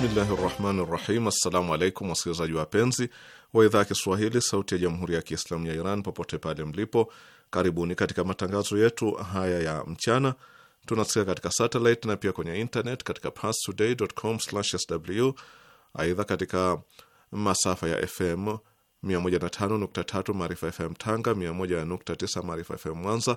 Bismillahi rahmani rahim. Assalamu alaikum wasikilizaji wapenzi wa idhaa ya Kiswahili sauti ya jamhuri ya Kiislamu ya Iran popote pale mlipo, karibuni katika matangazo yetu haya ya mchana. Tunasikia katika satelit na pia kwenye internet katika pastodaycom sw Aidha, katika masafa ya FM 105.3 Maarifa FM Tanga, 101.9 Maarifa FM Mwanza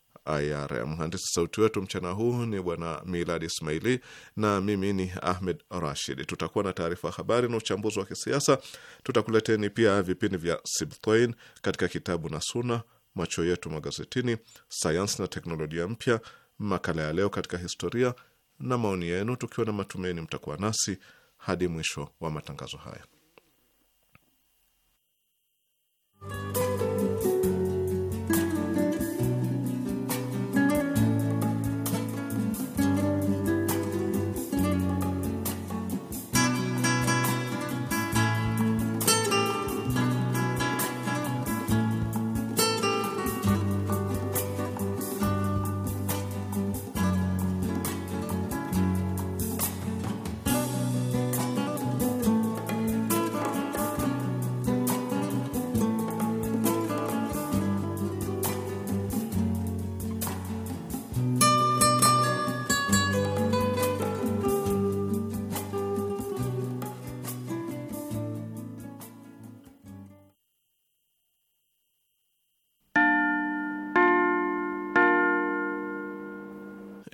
IR. Mhandisi sauti wetu mchana huu ni bwana Milad Ismaili na mimi ni Ahmed Rashid. Tutakuwa na taarifa ya habari na uchambuzi wa kisiasa. Tutakuleteni pia vipindi vya Sibtain katika kitabu na Suna, macho yetu magazetini, sayansi na teknolojia mpya, makala ya leo katika historia na maoni yenu, tukiwa na matumaini mtakuwa nasi hadi mwisho wa matangazo haya.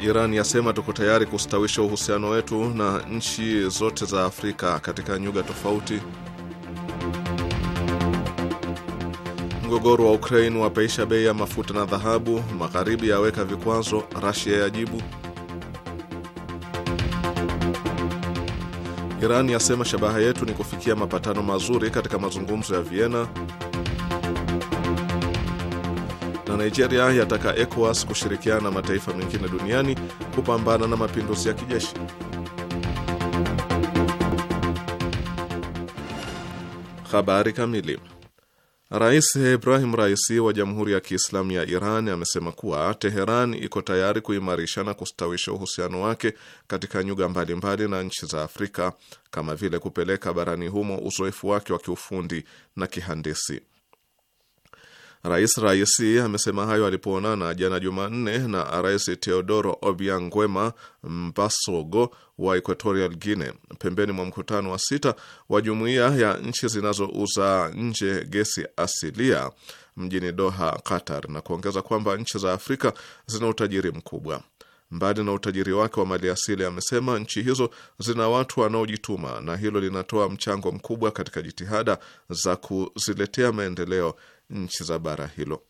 Iran yasema tuko tayari kustawisha uhusiano wetu na nchi zote za Afrika katika nyuga tofauti. Mgogoro wa Ukraine wapeisha bei ya mafuta na dhahabu. Magharibi yaweka vikwazo, Russia yajibu. Iran yasema shabaha yetu ni kufikia mapatano mazuri katika mazungumzo ya Vienna. Nigeria yataka ECOWAS kushirikiana na mataifa mengine duniani kupambana na mapinduzi ya kijeshi. Habari kamili. Rais Ibrahim Raisi wa Jamhuri ya Kiislamu ya Iran amesema kuwa Teheran iko tayari kuimarisha na kustawisha uhusiano wake katika nyuga mbalimbali na nchi za Afrika kama vile kupeleka barani humo uzoefu wake wa kiufundi na kihandisi. Rais Raisi amesema hayo alipoonana jana Jumanne na Rais Teodoro Obiangwema Mbasogo wa Equatorial Guinea pembeni mwa mkutano wa sita wa jumuiya ya nchi zinazouza nje gesi asilia mjini Doha, Qatar, na kuongeza kwamba nchi za Afrika zina utajiri mkubwa. Mbali na utajiri wake wa maliasili, amesema nchi hizo zina watu wanaojituma na hilo linatoa mchango mkubwa katika jitihada za kuziletea maendeleo nchi za bara hilo.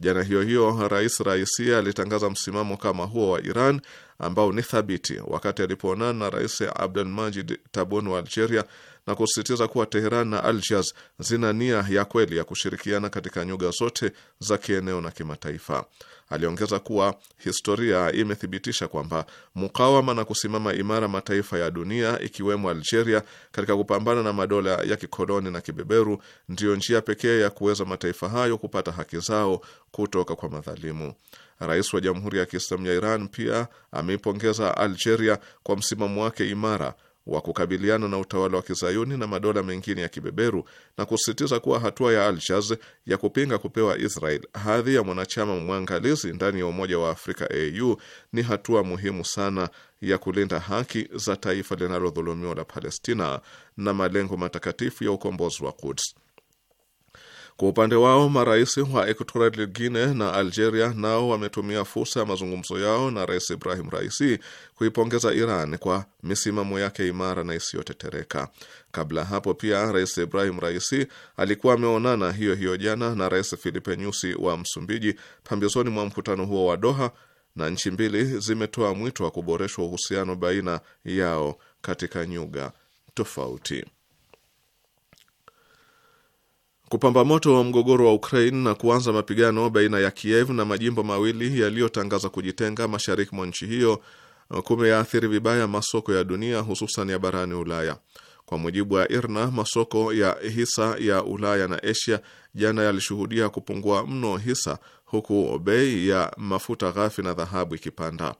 Jana hiyo hiyo Rais Raisi alitangaza msimamo kama huo wa Iran ambao ni thabiti, wakati alipoonana na Rais Abdelmajid Tabun wa Algeria na kusisitiza kuwa Teheran na Algiers zina nia ya kweli ya kushirikiana katika nyuga zote za kieneo na kimataifa. Aliongeza kuwa historia imethibitisha kwamba mukawama na kusimama imara mataifa ya dunia ikiwemo Algeria katika kupambana na madola ya kikoloni na kibeberu ndiyo njia pekee ya kuweza mataifa hayo kupata haki zao kutoka kwa madhalimu. Rais wa Jamhuri ya Kiislamu ya Iran pia ameipongeza Algeria kwa msimamo wake imara wa kukabiliana na utawala wa kizayuni na madola mengine ya kibeberu na kusisitiza kuwa hatua ya Alshaz ya kupinga kupewa Israel hadhi ya mwanachama mwangalizi ndani ya Umoja wa Afrika AU ni hatua muhimu sana ya kulinda haki za taifa linalodhulumiwa la Palestina na malengo matakatifu ya ukombozi wa Quds. Kwa upande wao marais wa Equatorial Guinea na Algeria nao wametumia fursa ya mazungumzo yao na Rais Ibrahim Raisi kuipongeza Iran kwa misimamo yake imara na isiyotetereka. Kabla hapo pia Rais Ibrahim Raisi alikuwa ameonana hiyo hiyo jana na Rais Filipe Nyusi wa Msumbiji pambizoni mwa mkutano huo wa Doha, na nchi mbili zimetoa mwito wa kuboreshwa uhusiano baina yao katika nyuga tofauti kupamba moto wa mgogoro wa Ukraine na kuanza mapigano baina ya Kiev na majimbo mawili yaliyotangaza kujitenga mashariki mwa nchi hiyo uh, kumeathiri vibaya masoko ya dunia hususan ya barani Ulaya. Kwa mujibu wa IRNA, masoko ya hisa ya Ulaya na Asia jana yalishuhudia kupungua mno hisa, huku bei ya mafuta ghafi na dhahabu ikipanda.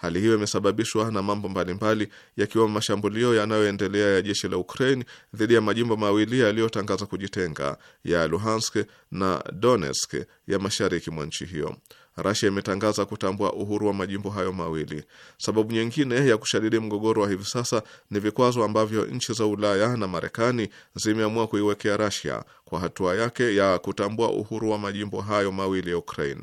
Hali hiyo imesababishwa na mambo mbalimbali yakiwemo mashambulio yanayoendelea ya jeshi la Ukraine dhidi ya majimbo mawili yaliyotangaza kujitenga ya Luhansk na Donetsk ya mashariki mwa nchi hiyo. Rasia imetangaza kutambua uhuru wa majimbo hayo mawili. Sababu nyingine ya kushadidi mgogoro wa hivi sasa ni vikwazo ambavyo nchi za Ulaya na Marekani zimeamua kuiwekea Rasia kwa hatua yake ya kutambua uhuru wa majimbo hayo mawili ya Ukraine.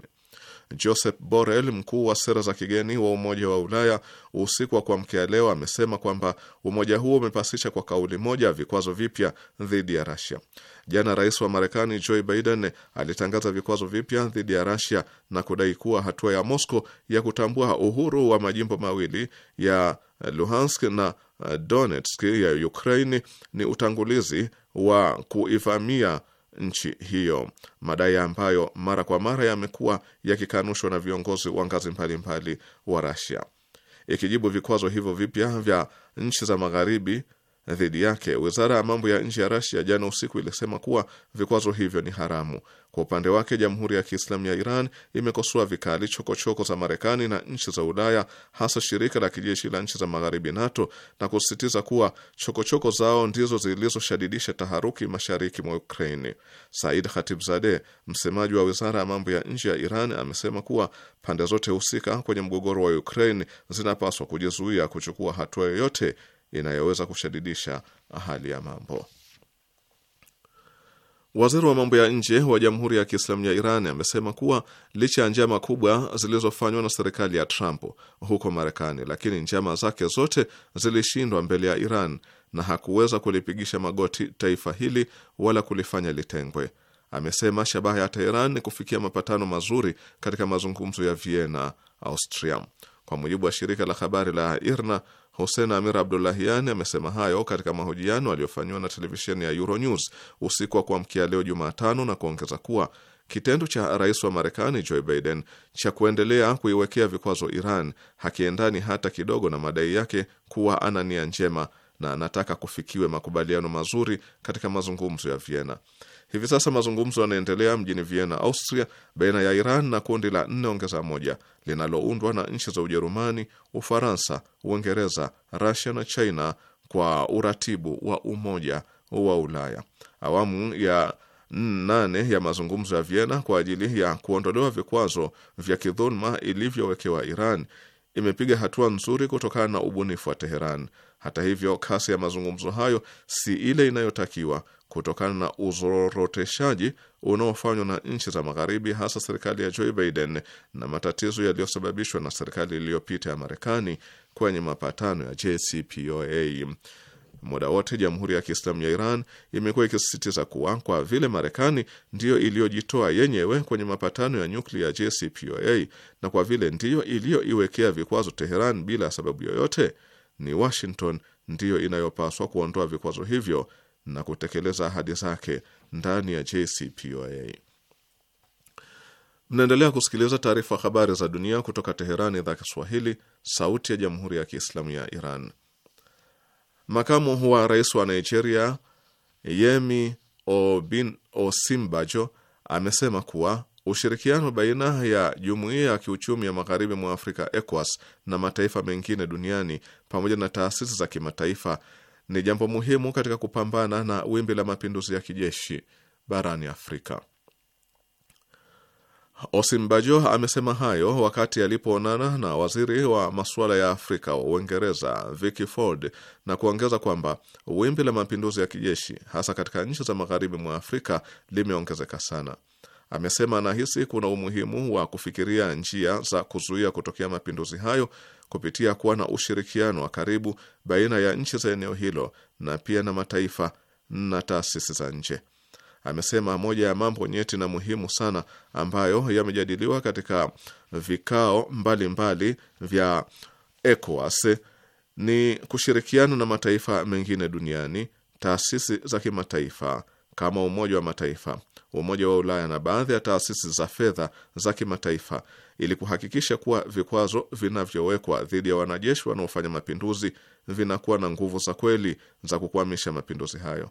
Josep Borrell, mkuu wa sera za kigeni wa Umoja wa Ulaya, usiku wa kuamkia leo amesema kwamba umoja huo umepasisha kwa kauli moja vikwazo vipya dhidi ya Russia. Jana rais wa Marekani Joe Biden alitangaza vikwazo vipya dhidi ya Russia na kudai kuwa hatua ya Moscow ya kutambua uhuru wa majimbo mawili ya Luhansk na Donetsk ya Ukraine ni utangulizi wa kuivamia nchi hiyo, madai ambayo mara kwa mara yamekuwa yakikanushwa na viongozi wa ngazi mbalimbali wa Rasia. Ikijibu vikwazo hivyo vipya vya nchi za Magharibi, dhidi yake. Wizara ya mambo ya nje ya Rasia jana usiku ilisema kuwa vikwazo hivyo ni haramu. Kwa upande wake, Jamhuri ya Kiislamu ya Iran imekosoa vikali chokochoko za Marekani na nchi za Ulaya, hasa shirika la kijeshi la nchi za Magharibi, NATO, na kusisitiza kuwa chokochoko zao ndizo zilizoshadidisha taharuki mashariki mwa Ukraini. Said Khatibzadeh, msemaji wa wizara ya mambo ya nje ya Iran, amesema kuwa pande zote husika kwenye mgogoro wa Ukraini zinapaswa kujizuia kuchukua hatua yoyote inayoweza kushadidisha hali ya mambo. Waziri wa mambo ya nje wa Jamhuri ya Kiislamu ya Iran amesema kuwa licha ya njama kubwa zilizofanywa na serikali ya Trump huko Marekani, lakini njama zake zote zilishindwa mbele ya Iran na hakuweza kulipigisha magoti taifa hili wala kulifanya litengwe. Amesema shabaha ya Teheran ni kufikia mapatano mazuri katika mazungumzo ya Vienna, Austria. Kwa mujibu wa shirika la habari la IRNA, Hussein Amir Abdullahian amesema hayo katika mahojiano aliyofanyiwa na televisheni ya Euronews usiku wa kuamkia leo Jumatano, na kuongeza kuwa kitendo cha rais wa Marekani Joe Biden cha kuendelea kuiwekea vikwazo Iran hakiendani hata kidogo na madai yake kuwa ana nia njema na anataka kufikiwe makubaliano mazuri katika mazungumzo ya Vienna. Hivi sasa mazungumzo yanaendelea mjini Vienna, Austria, baina ya Iran na kundi la nne ongeza moja linaloundwa na nchi za Ujerumani, Ufaransa, Uingereza, Rusia na China kwa uratibu wa Umoja wa Ulaya. Awamu ya nane ya mazungumzo ya Vienna kwa ajili ya kuondolewa vikwazo vya kidhuluma ilivyowekewa Iran imepiga hatua nzuri kutokana na ubunifu wa Teheran. Hata hivyo, kasi ya mazungumzo hayo si ile inayotakiwa kutokana na uzoroteshaji unaofanywa na nchi za Magharibi, hasa serikali ya Joe Biden na matatizo yaliyosababishwa na serikali iliyopita ya Marekani kwenye mapatano ya JCPOA. Muda wote Jamhuri ya Kiislamu ya Iran imekuwa ikisisitiza kuwa kwa vile Marekani ndiyo iliyojitoa yenyewe kwenye mapatano ya nyuklia ya JCPOA na kwa vile ndiyo iliyoiwekea vikwazo Teheran bila sababu yoyote, ni Washington ndiyo inayopaswa kuondoa vikwazo hivyo na kutekeleza ahadi zake ndani ya JCPOA. Mnaendelea kusikiliza taarifa habari za dunia kutoka Teherani, idhaa Kiswahili, sauti ya jamhuri ya kiislamu ya Iran. Makamu wa rais wa Nigeria Yemi Osin Osinbajo amesema kuwa Ushirikiano baina ya jumuiya ya kiuchumi ya magharibi mwa Afrika ECOWAS na mataifa mengine duniani pamoja na taasisi za kimataifa ni jambo muhimu katika kupambana na wimbi la mapinduzi ya kijeshi barani Afrika. Osimbajo amesema hayo wakati alipoonana na waziri wa masuala ya Afrika wa Uingereza Vicky Ford na kuongeza kwamba wimbi la mapinduzi ya kijeshi hasa katika nchi za magharibi mwa Afrika limeongezeka sana. Amesema anahisi kuna umuhimu wa kufikiria njia za kuzuia kutokea mapinduzi hayo kupitia kuwa na ushirikiano wa karibu baina ya nchi za eneo hilo na pia na mataifa na taasisi za nje. Amesema moja ya mambo nyeti na muhimu sana ambayo yamejadiliwa katika vikao mbalimbali mbali vya ECOWAS ni kushirikiana na mataifa mengine duniani, taasisi za kimataifa kama Umoja wa Mataifa, Umoja wa Ulaya na baadhi ya taasisi za fedha za kimataifa ili kuhakikisha kuwa vikwazo vinavyowekwa dhidi ya wanajeshi wanaofanya mapinduzi vinakuwa na nguvu za kweli za kukwamisha mapinduzi hayo.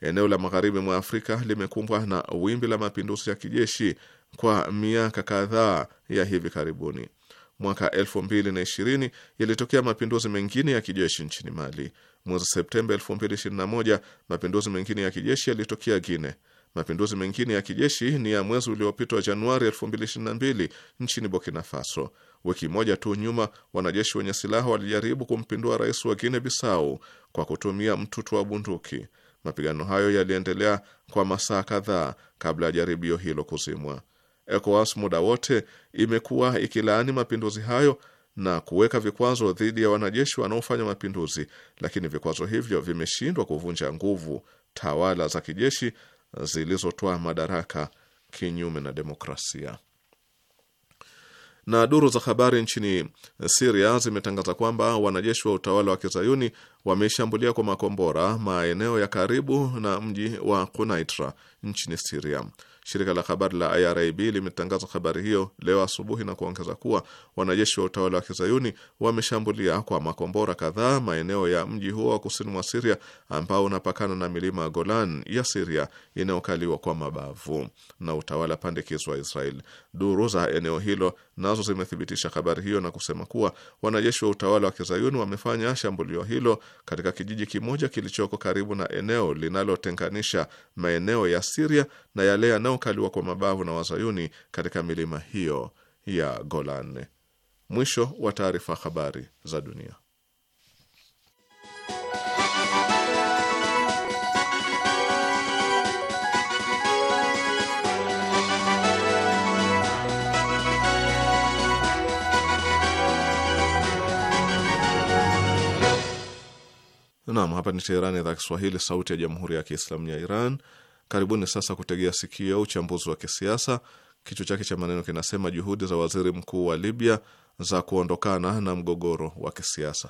Eneo la magharibi mwa Afrika limekumbwa na wimbi la mapinduzi ya kijeshi kwa miaka kadhaa ya hivi karibuni. Mwaka 2020 yalitokea mapinduzi mengine ya kijeshi nchini Mali. Mwezi Septemba 2021 mapinduzi mengine ya kijeshi yalitokea Guine. Mapinduzi mengine ya kijeshi ni ya mwezi uliopita wa Januari 2022 nchini Burkina Faso. Wiki moja tu nyuma, wanajeshi wenye silaha walijaribu kumpindua rais wa Guine Bissau kwa kutumia mtutu wa bunduki. Mapigano hayo yaliendelea kwa masaa kadhaa kabla ya jaribio hilo kuzimwa. ECOWAS muda wote imekuwa ikilaani mapinduzi hayo na kuweka vikwazo dhidi ya wanajeshi wanaofanya mapinduzi, lakini vikwazo hivyo vimeshindwa kuvunja nguvu tawala za kijeshi zilizotoa madaraka kinyume na demokrasia. Na duru za habari nchini Siria zimetangaza kwamba wanajeshi wa utawala wa kizayuni wameshambulia kwa makombora maeneo ya karibu na mji wa Kunaitra nchini Siria. Shirika la habari la IRIB limetangaza habari hiyo leo asubuhi na kuongeza kuwa wanajeshi wa utawala wa kizayuni wameshambulia kwa makombora kadhaa maeneo ya mji huo wa kusini mwa Siria ambao unapakana na milima ya Golan ya Siria inayokaliwa kwa mabavu na utawala wa Israel. Duru za eneo hilo nazo zimethibitisha habari hiyo na kusema kuwa wanajeshi wa utawala wa kizayuni wamefanya shambulio hilo katika kijiji kimoja kilichoko karibu na eneo linalotenganisha maeneo ya Siria na yale yanayokaliwa kwa mabavu na wazayuni katika milima hiyo ya Golan. Mwisho wa taarifa. Habari za dunia. Naam, hapa ni Teherani, idhaa Kiswahili, sauti ya jamhuri ya kiislamu ya Iran. Karibuni sasa kutegea sikio uchambuzi wa kisiasa. Kichwa chake cha maneno kinasema juhudi za waziri mkuu wa Libya za kuondokana na mgogoro wa kisiasa.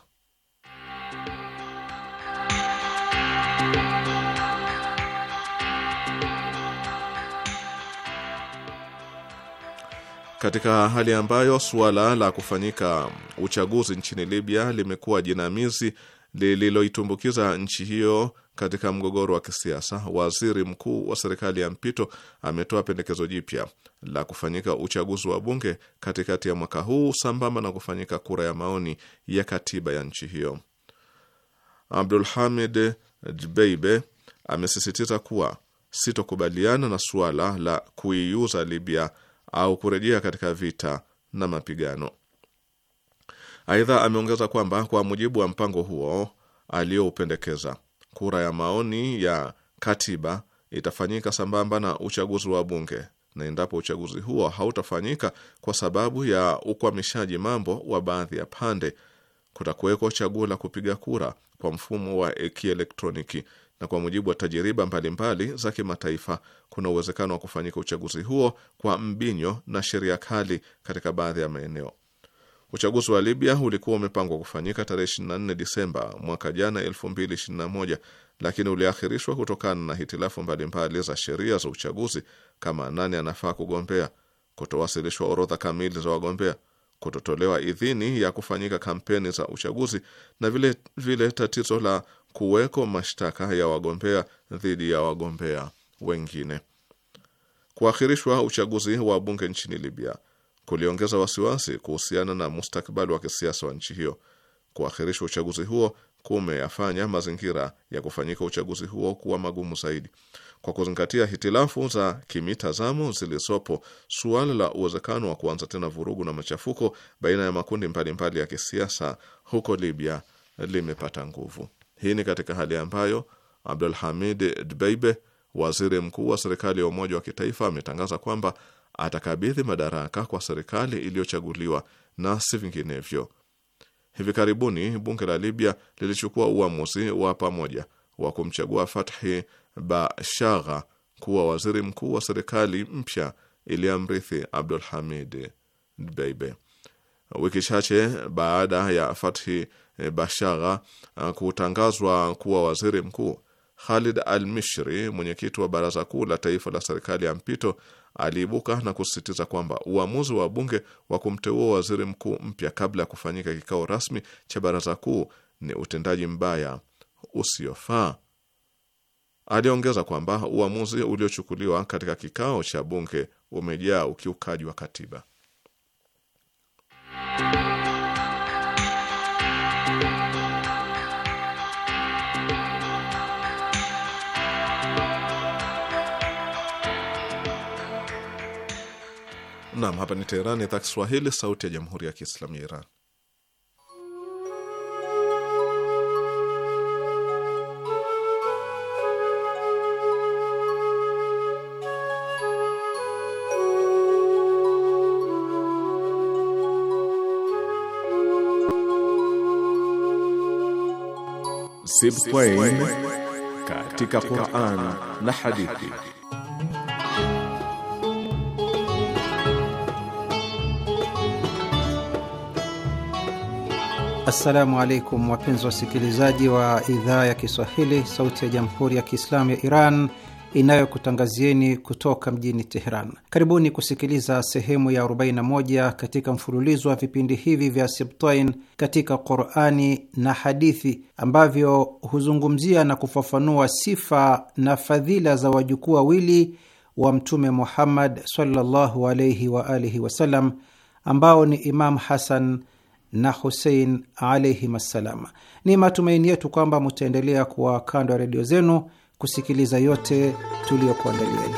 Katika hali ambayo suala la kufanyika uchaguzi nchini Libya limekuwa jinamizi lililoitumbukiza nchi hiyo katika mgogoro wa kisiasa, waziri mkuu wa serikali ya mpito ametoa pendekezo jipya la kufanyika uchaguzi wa bunge katikati ya mwaka huu sambamba na kufanyika kura ya maoni ya katiba ya nchi hiyo. Hamid jbeibe amesisitiza kuwa sitokubaliana na suala la kuiuza Libya au kurejea katika vita na mapigano. Aidha, ameongeza kwamba kwa mujibu wa mpango huo aliyoupendekeza Kura ya maoni ya katiba itafanyika sambamba na uchaguzi wa bunge, na endapo uchaguzi huo hautafanyika kwa sababu ya ukwamishaji mambo wa baadhi ya pande, kutakuwekwa chaguo la kupiga kura kwa mfumo wa kielektroniki na kwa mujibu wa tajiriba mbalimbali za kimataifa, kuna uwezekano wa kufanyika uchaguzi huo kwa mbinyo na sheria kali katika baadhi ya maeneo. Uchaguzi wa Libya ulikuwa umepangwa kufanyika tarehe 24 Disemba mwaka jana 2021, lakini uliahirishwa kutokana na hitilafu mbalimbali za sheria za uchaguzi kama nani anafaa kugombea, kutowasilishwa orodha kamili za wagombea, kutotolewa idhini ya kufanyika kampeni za uchaguzi na vile vile tatizo la kuweko mashtaka ya wagombea dhidi ya wagombea wengine. Kuahirishwa uchaguzi wa bunge nchini Libya kuliongeza wasiwasi kuhusiana na mustakabali wa kisiasa wa nchi hiyo. kuahirisha uchaguzi huo kumeyafanya mazingira ya kufanyika uchaguzi huo kuwa magumu zaidi. Kwa kuzingatia hitilafu za kimitazamo zilizopo, suala la uwezekano wa kuanza tena vurugu na machafuko baina ya makundi mbalimbali ya kisiasa huko Libya limepata nguvu. Hii ni katika hali ambayo Abdul Hamid Dbeibe, waziri mkuu wa serikali ya umoja wa kitaifa, ametangaza kwamba atakabidhi madaraka kwa serikali iliyochaguliwa na si vinginevyo. Hivi karibuni bunge la Libya lilichukua uamuzi wa pamoja wa kumchagua Fathi Bashagha kuwa waziri mkuu wa serikali mpya iliyomrithi Abdul Hamid Dbeibe. Wiki chache baada ya Fathi Bashagha kutangazwa kuwa waziri mkuu, Khalid al-Mishri, mwenyekiti wa baraza kuu la taifa la serikali ya mpito, aliibuka na kusisitiza kwamba uamuzi wa bunge wa kumteua waziri mkuu mpya kabla ya kufanyika kikao rasmi cha baraza kuu ni utendaji mbaya usiofaa. Aliongeza kwamba uamuzi uliochukuliwa katika kikao cha bunge umejaa ukiukaji wa katiba. Naam, hapa ni Teherani, idhaa Kiswahili, sauti ya jamhuri ya kiislamu ya Iran. Sibtain katika Qur'an na hadithi Assalamu alaikum wapenzi wasikilizaji wa idhaa ya Kiswahili, sauti ya jamhuri ya kiislamu ya Iran inayokutangazieni kutoka mjini Teheran. Karibuni kusikiliza sehemu ya 41 katika mfululizo wa vipindi hivi vya Sibtain katika Qurani na hadithi ambavyo huzungumzia na kufafanua sifa na fadhila za wajukuu wawili wa Mtume Muhammad sallallahu alaihi waalihi wasalam ambao ni Imam Hasan na Husein alaihim assalam. Ni matumaini yetu kwamba mutaendelea kuwa kando ya redio zenu kusikiliza yote tuliyokuandalieni.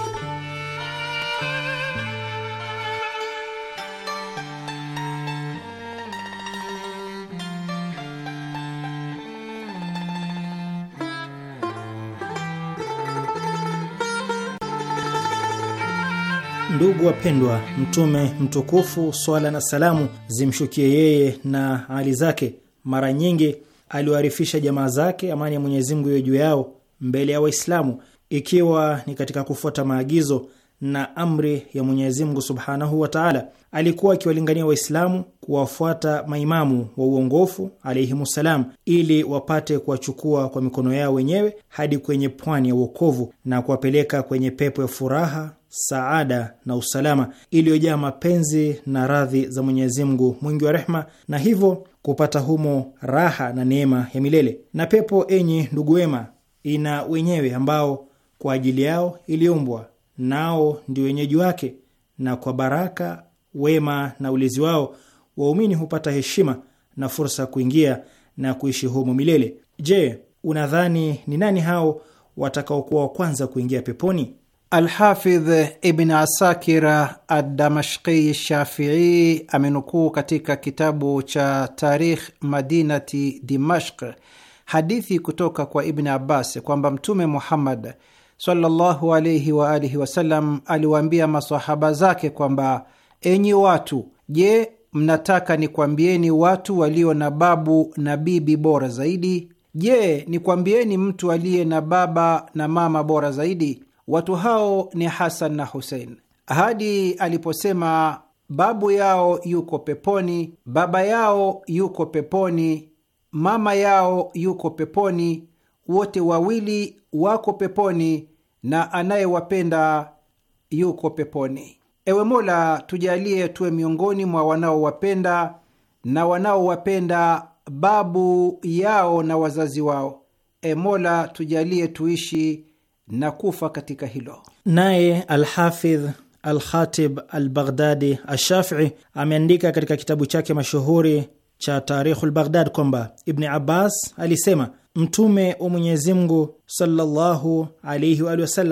Ndugu wapendwa, Mtume mtukufu swala na salamu zimshukie yeye na ali zake, mara nyingi aliwaarifisha jamaa zake, amani ya Mwenyezi Mungu iwe juu yao, mbele ya Waislamu, ikiwa ni katika kufuata maagizo na amri ya Mwenyezi Mungu subhanahu wa taala. Alikuwa akiwalingania Waislamu kuwafuata maimamu wa uongofu alaihimussalam, ili wapate kuwachukua kwa mikono yao wenyewe hadi kwenye pwani ya uokovu na kuwapeleka kwenye pepo ya furaha saada na usalama, iliyojaa mapenzi na radhi za Mwenyezi Mungu mwingi wa rehma, na hivyo kupata humo raha na neema ya milele. Na pepo, enyi ndugu wema, ina wenyewe ambao kwa ajili yao iliumbwa, nao ndio wenyeji wake, na kwa baraka, wema na ulezi wao waumini hupata heshima na fursa ya kuingia na kuishi humo milele. Je, unadhani ni nani hao watakaokuwa wa kwanza kuingia peponi? Alhafidh Ibn Asakira Adamashqii Shafii amenukuu katika kitabu cha Tarikh Madinati Dimashq hadithi kutoka kwa Ibn Abbas kwamba Mtume Muhammad sallallahu wa alihi wasallam aliwaambia masahaba zake kwamba, enyi watu, je, mnataka nikwambieni watu walio na babu na bibi bora zaidi? Je, nikwambieni mtu aliye na baba na mama bora zaidi? Watu hao ni Hasan na Husein, hadi aliposema babu yao yuko peponi, baba yao yuko peponi, mama yao yuko peponi, wote wawili wako peponi, na anayewapenda yuko peponi. Ewe Mola, tujalie tuwe miongoni mwa wanaowapenda na wanaowapenda babu yao na wazazi wao. E Mola, tujalie tuishi na kufa katika hilo. Naye Alhafidh Alkhatib Albaghdadi ashafii ameandika katika kitabu chake mashuhuri cha Tarikhu Lbaghdad kwamba Ibni Abbas alisema Mtume wa Mwenyezi Mungu sallallahu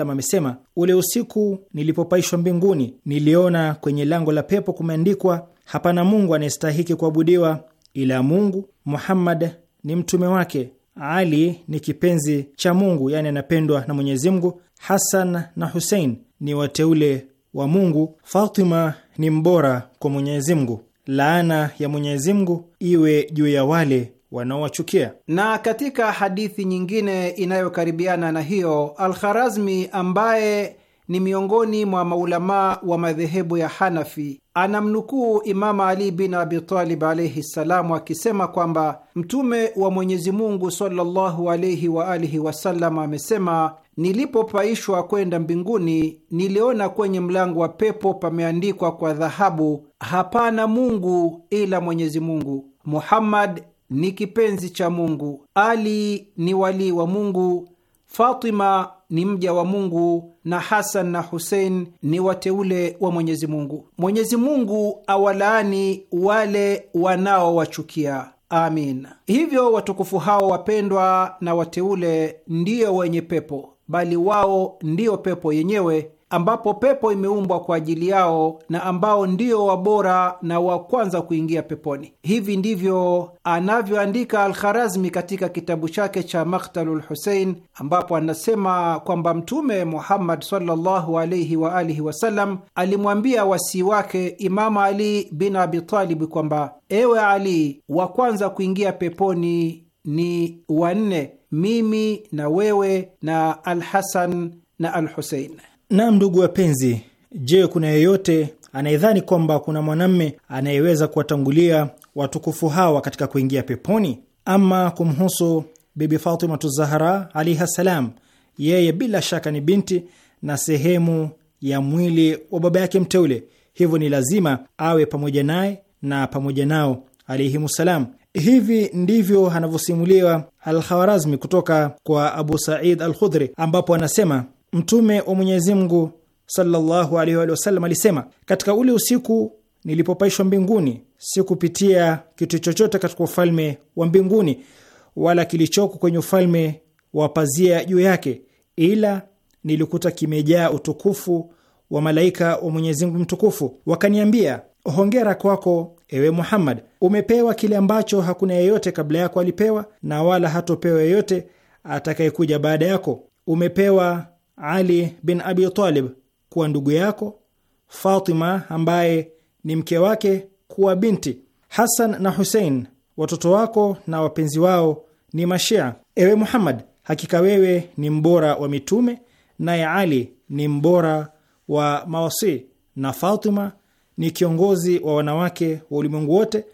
amesema, ule usiku nilipopaishwa mbinguni, niliona kwenye lango la pepo kumeandikwa, hapana Mungu anayestahiki kuabudiwa ila Mungu, Muhammad ni mtume wake ali ni kipenzi cha Mungu, yani anapendwa na Mwenyezi Mungu. Hasan na Husein ni wateule wa Mungu. Fatima ni mbora kwa Mwenyezi Mungu. Laana ya Mwenyezi Mungu iwe juu ya wale wanaowachukia. Na katika hadithi nyingine inayokaribiana na hiyo, Alkharazmi ambaye ni miongoni mwa maulamaa wa madhehebu ya Hanafi. Anamnukuu Imama Ali bin Abitalib alaihi ssalamu akisema kwamba Mtume wa Mwenyezi Mungu sallallahu alaihi wasallam amesema, nilipopaishwa kwenda mbinguni niliona kwenye mlango wa pepo pameandikwa kwa dhahabu, hapana Mungu ila Mwenyezi Mungu, Muhammad ni kipenzi cha Mungu, Ali ni walii wa Mungu, Fatima ni mja wa Mungu na Hasan na Husein ni wateule wa Mwenyezi Mungu. Mwenyezi Mungu awalaani wale wanaowachukia. Amin. Hivyo watukufu hao wapendwa na wateule ndiyo wenye pepo, bali wao ndiyo pepo yenyewe ambapo pepo imeumbwa kwa ajili yao na ambao ndio wabora na wa kwanza kuingia peponi. Hivi ndivyo anavyoandika Alkharazmi katika kitabu chake cha Maktalul Husein, ambapo anasema kwamba Mtume Muhammad sallallahu alaihi wa alihi wasallam alimwambia wasii wake imamu Ali bin Abitalibi kwamba ewe Ali, wa kwanza kuingia peponi ni wanne, mimi na wewe na Alhasan na Alhusein. Naam, ndugu wapenzi, je, kuna yeyote anayedhani kwamba kuna mwanamme anayeweza kuwatangulia watukufu hawa katika kuingia peponi? Ama kumhusu Bibi Fatimatu Zahra alaihi ssalam, yeye bila shaka ni binti na sehemu ya mwili wa baba yake mteule, hivyo ni lazima awe pamoja naye na pamoja nao alaihimu ssalam. Hivi ndivyo anavyosimuliwa Alkhawarazmi kutoka kwa Abu Said Alkhudhri, ambapo anasema Mtume wa Mwenyezi Mungu sallallahu alaihi alisema, katika ule usiku nilipopaishwa mbinguni sikupitia kitu chochote katika ufalme wa mbinguni wala kilichoko kwenye ufalme wa pazia juu yake, ila nilikuta kimejaa utukufu wa malaika wa Mwenyezi Mungu mtukufu. Wakaniambia, hongera kwako ewe Muhammad, umepewa kile ambacho hakuna yeyote kabla yako alipewa, na wala hatopewa yeyote atakayekuja baada yako. Umepewa ali bin Abi Talib kuwa ndugu yako, Fatima ambaye ni mke wake kuwa binti, Hasan na Husein watoto wako na wapenzi wao ni Mashia. Ewe Muhammad, hakika wewe ni mbora wa mitume, naye Ali ni mbora wa mawasi na Fatima ni kiongozi wa wanawake wa ulimwengu wote,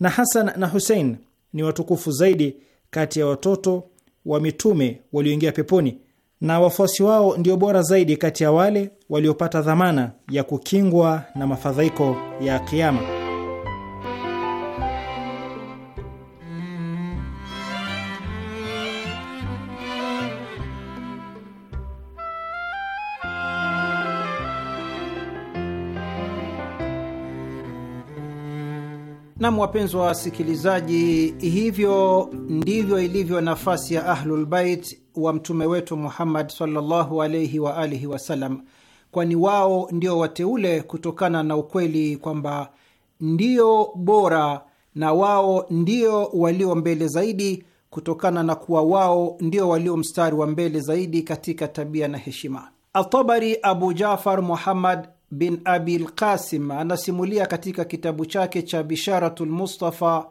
na Hasan na Husein ni watukufu zaidi kati ya watoto wa mitume walioingia peponi na wafuasi wao ndio bora zaidi kati ya wale waliopata dhamana ya kukingwa na mafadhaiko ya Kiama. Nam, wapenzi wa wasikilizaji, hivyo ndivyo ilivyo nafasi ya Ahlulbait wa mtume wetu Muhammad sallallahu alaihi wa alihi wasallam, kwani wao ndio wateule kutokana na ukweli kwamba ndio bora na wao ndio walio mbele zaidi kutokana na kuwa wao ndio walio mstari wa mbele zaidi katika tabia na heshima. Atabari Abu Jafar Muhammad bin Abi Qasim anasimulia katika kitabu chake cha Bisharatu lmustafa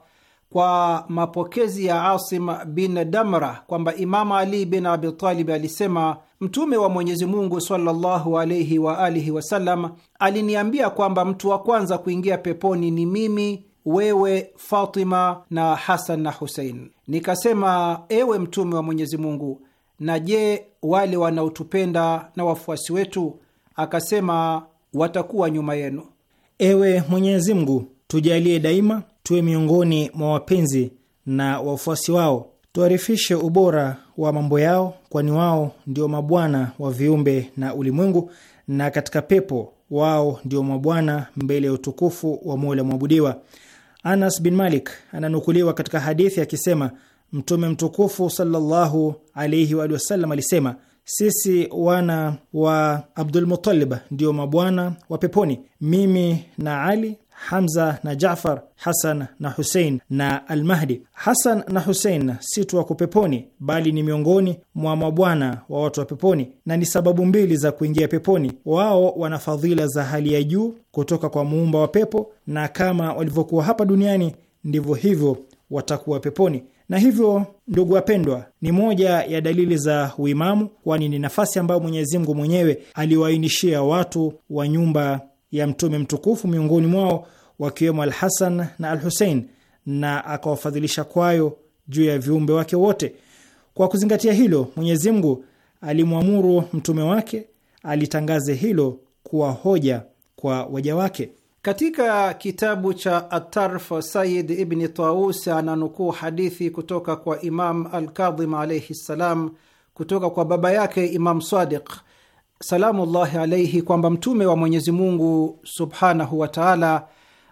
kwa mapokezi ya Asim bin Damra kwamba Imamu Ali bin Abitalib alisema Mtume wa Mwenyezi Mungu sallallahu alaihi wa alihi wasallam aliniambia kwamba mtu wa kwanza kuingia peponi ni mimi, wewe, Fatima na Hasan na Husein. Nikasema, ewe Mtume wa Mwenyezi Mungu, na je, wale wanaotupenda na wafuasi wetu? Akasema, watakuwa nyuma yenu. Ewe Mwenyezi Mungu, tujalie daima tuwe miongoni mwa wapenzi na wafuasi wao, tuarifishe ubora wa mambo yao, kwani wao ndio mabwana wa viumbe na ulimwengu, na katika pepo wao ndio mabwana mbele ya utukufu wa Mola mwabudiwa. Anas bin Malik ananukuliwa katika hadithi akisema, Mtume mtukufu sallallahu alaihi wa wasallam alisema sisi wana wa Abdulmutalib ndio mabwana wa peponi, mimi na Ali, Hamza na Jafar, Hasan na Husein na Almahdi. Hasan na Husein si tu wako peponi, bali ni miongoni mwa mabwana wa watu wa peponi, na ni sababu mbili za kuingia peponi. Wao wana fadhila za hali ya juu kutoka kwa muumba wa pepo, na kama walivyokuwa hapa duniani ndivyo hivyo watakuwa peponi. Na hivyo ndugu wapendwa, ni moja ya dalili za uimamu, kwani ni nafasi ambayo Mwenyezi Mungu mwenyewe aliwaainishia watu wa nyumba ya mtume mtukufu, miongoni mwao wakiwemo Alhasan na Alhusein, na akawafadhilisha kwayo juu ya viumbe wake wote. Kwa kuzingatia hilo, Mwenyezi Mungu alimwamuru mtume wake alitangaze hilo kuwa hoja kwa waja wake. Katika kitabu cha Atarf, Sayid Ibni Taus ananukuu hadithi kutoka kwa Imam Alkadhim alaihi ssalam kutoka kwa baba yake Imam Sadiq salamullahi alaihi kwamba Mtume wa Mwenyezi Mungu subhanahu wa taala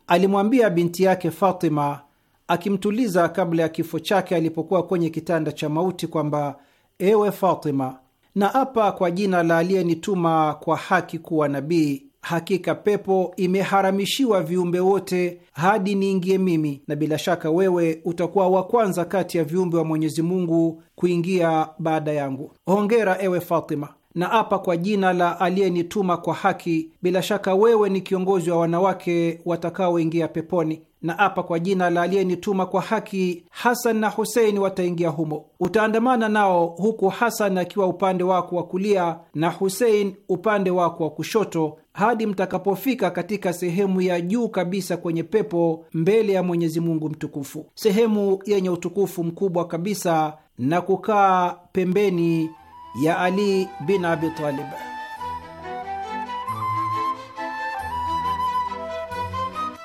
alimwambia binti yake Fatima akimtuliza kabla ya kifo chake alipokuwa kwenye kitanda cha mauti kwamba, ewe Fatima, na apa kwa jina la aliyenituma kwa haki kuwa nabii Hakika pepo imeharamishiwa viumbe wote hadi niingie mimi, na bila shaka wewe utakuwa wa kwanza kati ya viumbe wa Mwenyezi Mungu kuingia baada yangu. Hongera ewe Fatima na apa kwa jina la aliyenituma kwa haki, bila shaka wewe ni kiongozi wa wanawake watakaoingia peponi. Na apa kwa jina la aliyenituma kwa haki, Hasan na Husein wataingia humo. Utaandamana nao, huku Hasan akiwa upande wako wa kulia na Husein upande wako wa kushoto, hadi mtakapofika katika sehemu ya juu kabisa kwenye pepo mbele ya Mwenyezi Mungu Mtukufu, sehemu yenye utukufu mkubwa kabisa, na kukaa pembeni ya Ali bin Abi Talib.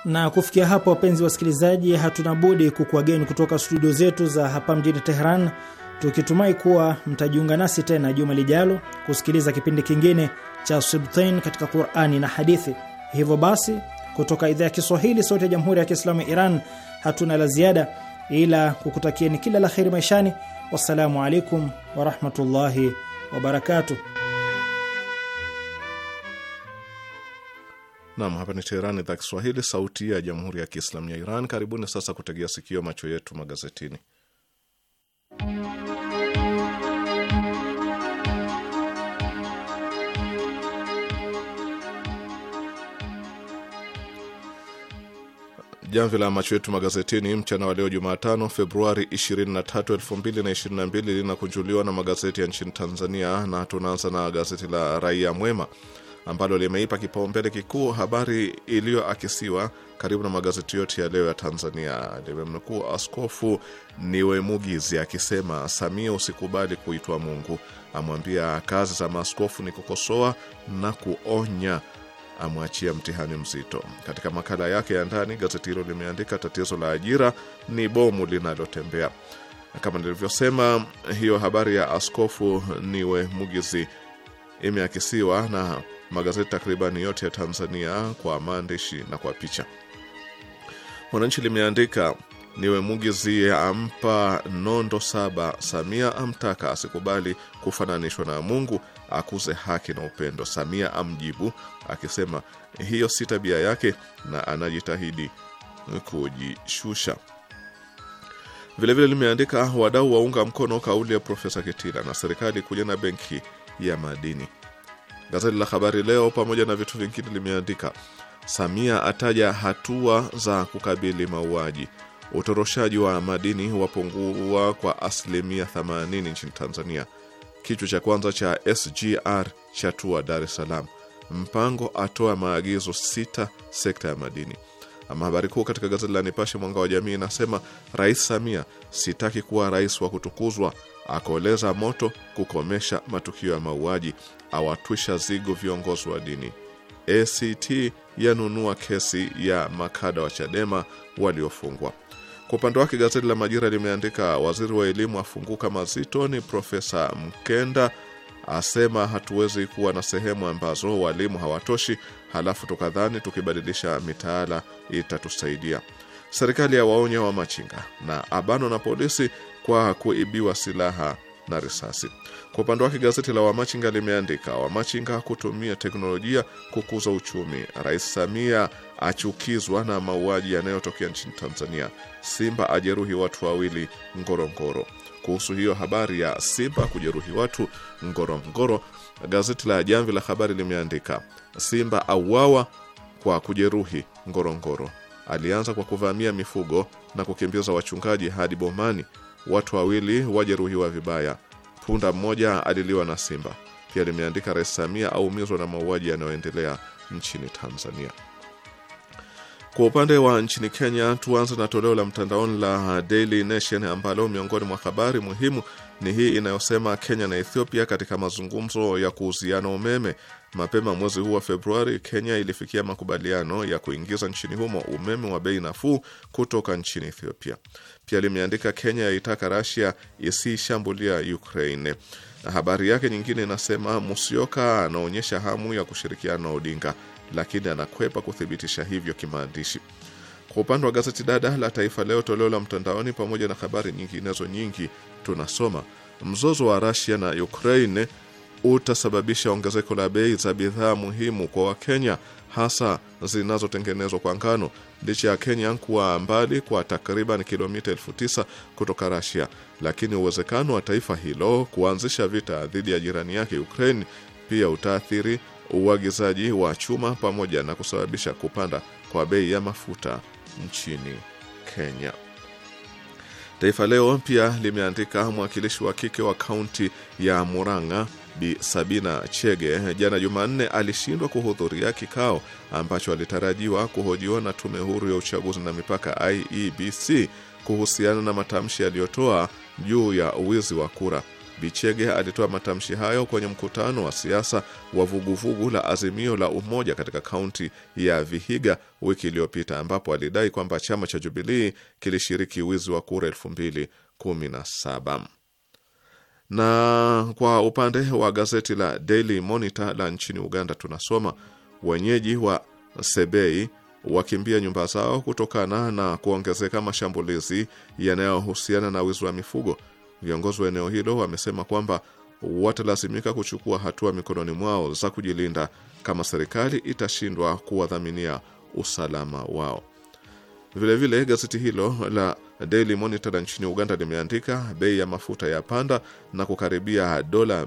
Na kufikia hapo, wapenzi wasikilizaji, hatuna budi kukuwageni kutoka studio zetu za hapa mjini Tehran, tukitumai kuwa mtajiunga nasi tena juma lijalo kusikiliza kipindi kingine cha Sibtain katika Qurani na hadithi. Hivyo basi, kutoka idhaa ya Kiswahili, Sauti ya Jamhuri ya Kiislamu ya Iran, hatuna la ziada ila kukutakieni kila la kheri maishani. Wassalamu alaikum warahmatullahi wabarakatuh. Nam, hapa ni Teherani, idhaa Kiswahili, sauti ya jamhuri ya kiislamu ya Iran. Karibuni sasa kutegea sikio, macho yetu magazetini. Jamvi la macho yetu magazetini mchana wa leo Jumatano, Februari 23, 2022 linakunjuliwa na magazeti ya nchini Tanzania, na tunaanza na gazeti la Raia Mwema ambalo limeipa kipaumbele kikuu habari iliyoakisiwa karibu na magazeti yote ya leo ya Tanzania. Limemnukuu Askofu wemugizi akisema Samia, usikubali kuitwa Mungu. Amwambia kazi za maaskofu ni kukosoa na kuonya amwachia mtihani mzito. Katika makala yake ya ndani, gazeti hilo limeandika tatizo la ajira ni bomu linalotembea. Kama nilivyosema, hiyo habari ya Askofu Niwe Mugizi imeakisiwa na magazeti takribani yote ya Tanzania kwa maandishi na kwa picha. Mwananchi limeandika Niwe Mugizi ampa nondo saba, Samia amtaka asikubali kufananishwa na Mungu akuze haki na upendo. Samia amjibu akisema hiyo si tabia yake na anajitahidi kujishusha. Vilevile limeandika wadau waunga mkono kauli ya Profesa Kitila na serikali kuja na benki ya madini. Gazeti la Habari Leo pamoja na vitu vingine limeandika Samia ataja hatua za kukabili mauaji, utoroshaji wa madini wapungua kwa asilimia 80 nchini Tanzania. Kichwa cha kwanza cha SGR cha tua Dar es Salaam, Mpango atoa maagizo sita sekta ya madini. Ama habari kuu katika gazeti la Nipashe Mwanga wa Jamii inasema Rais Samia, sitaki kuwa rais wa kutukuzwa, akoleza moto kukomesha matukio ya mauaji, awatwisha zigo viongozi wa dini. ACT yanunua kesi ya makada wa Chadema waliofungwa. Kwa upande wake gazeti la Majira limeandika waziri wa elimu afunguka mazito, ni Profesa Mkenda asema hatuwezi kuwa na sehemu ambazo walimu hawatoshi halafu tukadhani tukibadilisha mitaala itatusaidia. Serikali ya waonya wa machinga na abano na polisi kwa kuibiwa silaha na risasi. Kwa upande wake gazeti la Wamachinga limeandika Wamachinga kutumia teknolojia kukuza uchumi. Rais Samia achukizwa na mauaji yanayotokea nchini Tanzania. Simba ajeruhi watu wawili Ngorongoro. Kuhusu hiyo habari ya Simba kujeruhi watu Ngorongoro, gazeti la Jamvi la Habari limeandika Simba auawa kwa kujeruhi Ngorongoro. Alianza kwa kuvamia mifugo na kukimbiza wachungaji hadi bomani. Watu wawili wajeruhiwa vibaya. Punda mmoja aliliwa na simba. Pia limeandika Rais Samia aumizwa na mauaji yanayoendelea nchini Tanzania. Kwa upande wa nchini Kenya, tuanze na toleo la mtandaoni la Daily Nation ambalo miongoni mwa habari muhimu ni hii inayosema Kenya na Ethiopia katika mazungumzo ya kuhusiana umeme. Mapema mwezi huu wa Februari, Kenya ilifikia makubaliano ya kuingiza nchini humo umeme wa bei nafuu kutoka nchini Ethiopia. Pia limeandika Kenya yaitaka Russia isishambulia Ukraine. Habari yake nyingine inasema Musyoka anaonyesha hamu ya kushirikiana na Odinga lakini anakwepa kuthibitisha hivyo kimaandishi. Kwa upande wa gazeti dada la Taifa Leo toleo la mtandaoni, pamoja na habari nyinginezo nyingi, tunasoma mzozo wa rusia na Ukraine utasababisha ongezeko la bei za bidhaa muhimu kwa Wakenya, hasa zinazotengenezwa kwa ngano, licha ya Kenya kuwa mbali kwa takriban kilomita elfu tisa kutoka rasia lakini uwezekano wa taifa hilo kuanzisha vita dhidi ya jirani yake Ukraine pia utaathiri uagizaji wa chuma pamoja na kusababisha kupanda kwa bei ya mafuta nchini Kenya. Taifa Leo pia limeandika mwakilishi wa kike wa kaunti ya Murang'a Bi Sabina Chege jana Jumanne alishindwa kuhudhuria kikao ambacho alitarajiwa kuhojiwa na tume huru ya uchaguzi na mipaka IEBC kuhusiana na matamshi yaliyotoa juu ya uwizi wa kura. Bichege alitoa matamshi hayo kwenye mkutano wa siasa wa vuguvugu la Azimio la Umoja katika kaunti ya Vihiga wiki iliyopita, ambapo alidai kwamba chama cha Jubilii kilishiriki wizi wa kura 2017. Na kwa upande wa gazeti la Daily Monitor la nchini Uganda tunasoma wenyeji wa Sebei wakimbia nyumba zao kutokana na kuongezeka mashambulizi yanayohusiana na wizi wa mifugo. Viongozi wa eneo hilo wamesema kwamba watalazimika kuchukua hatua mikononi mwao za kujilinda kama serikali itashindwa kuwadhaminia usalama wao. Vilevile vile, gazeti hilo la Daily Monitor nchini Uganda limeandika bei ya mafuta ya panda na kukaribia dola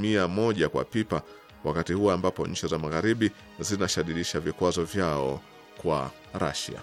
mia moja kwa pipa, wakati huo ambapo nchi za magharibi zinashadidisha vikwazo vyao kwa Russia.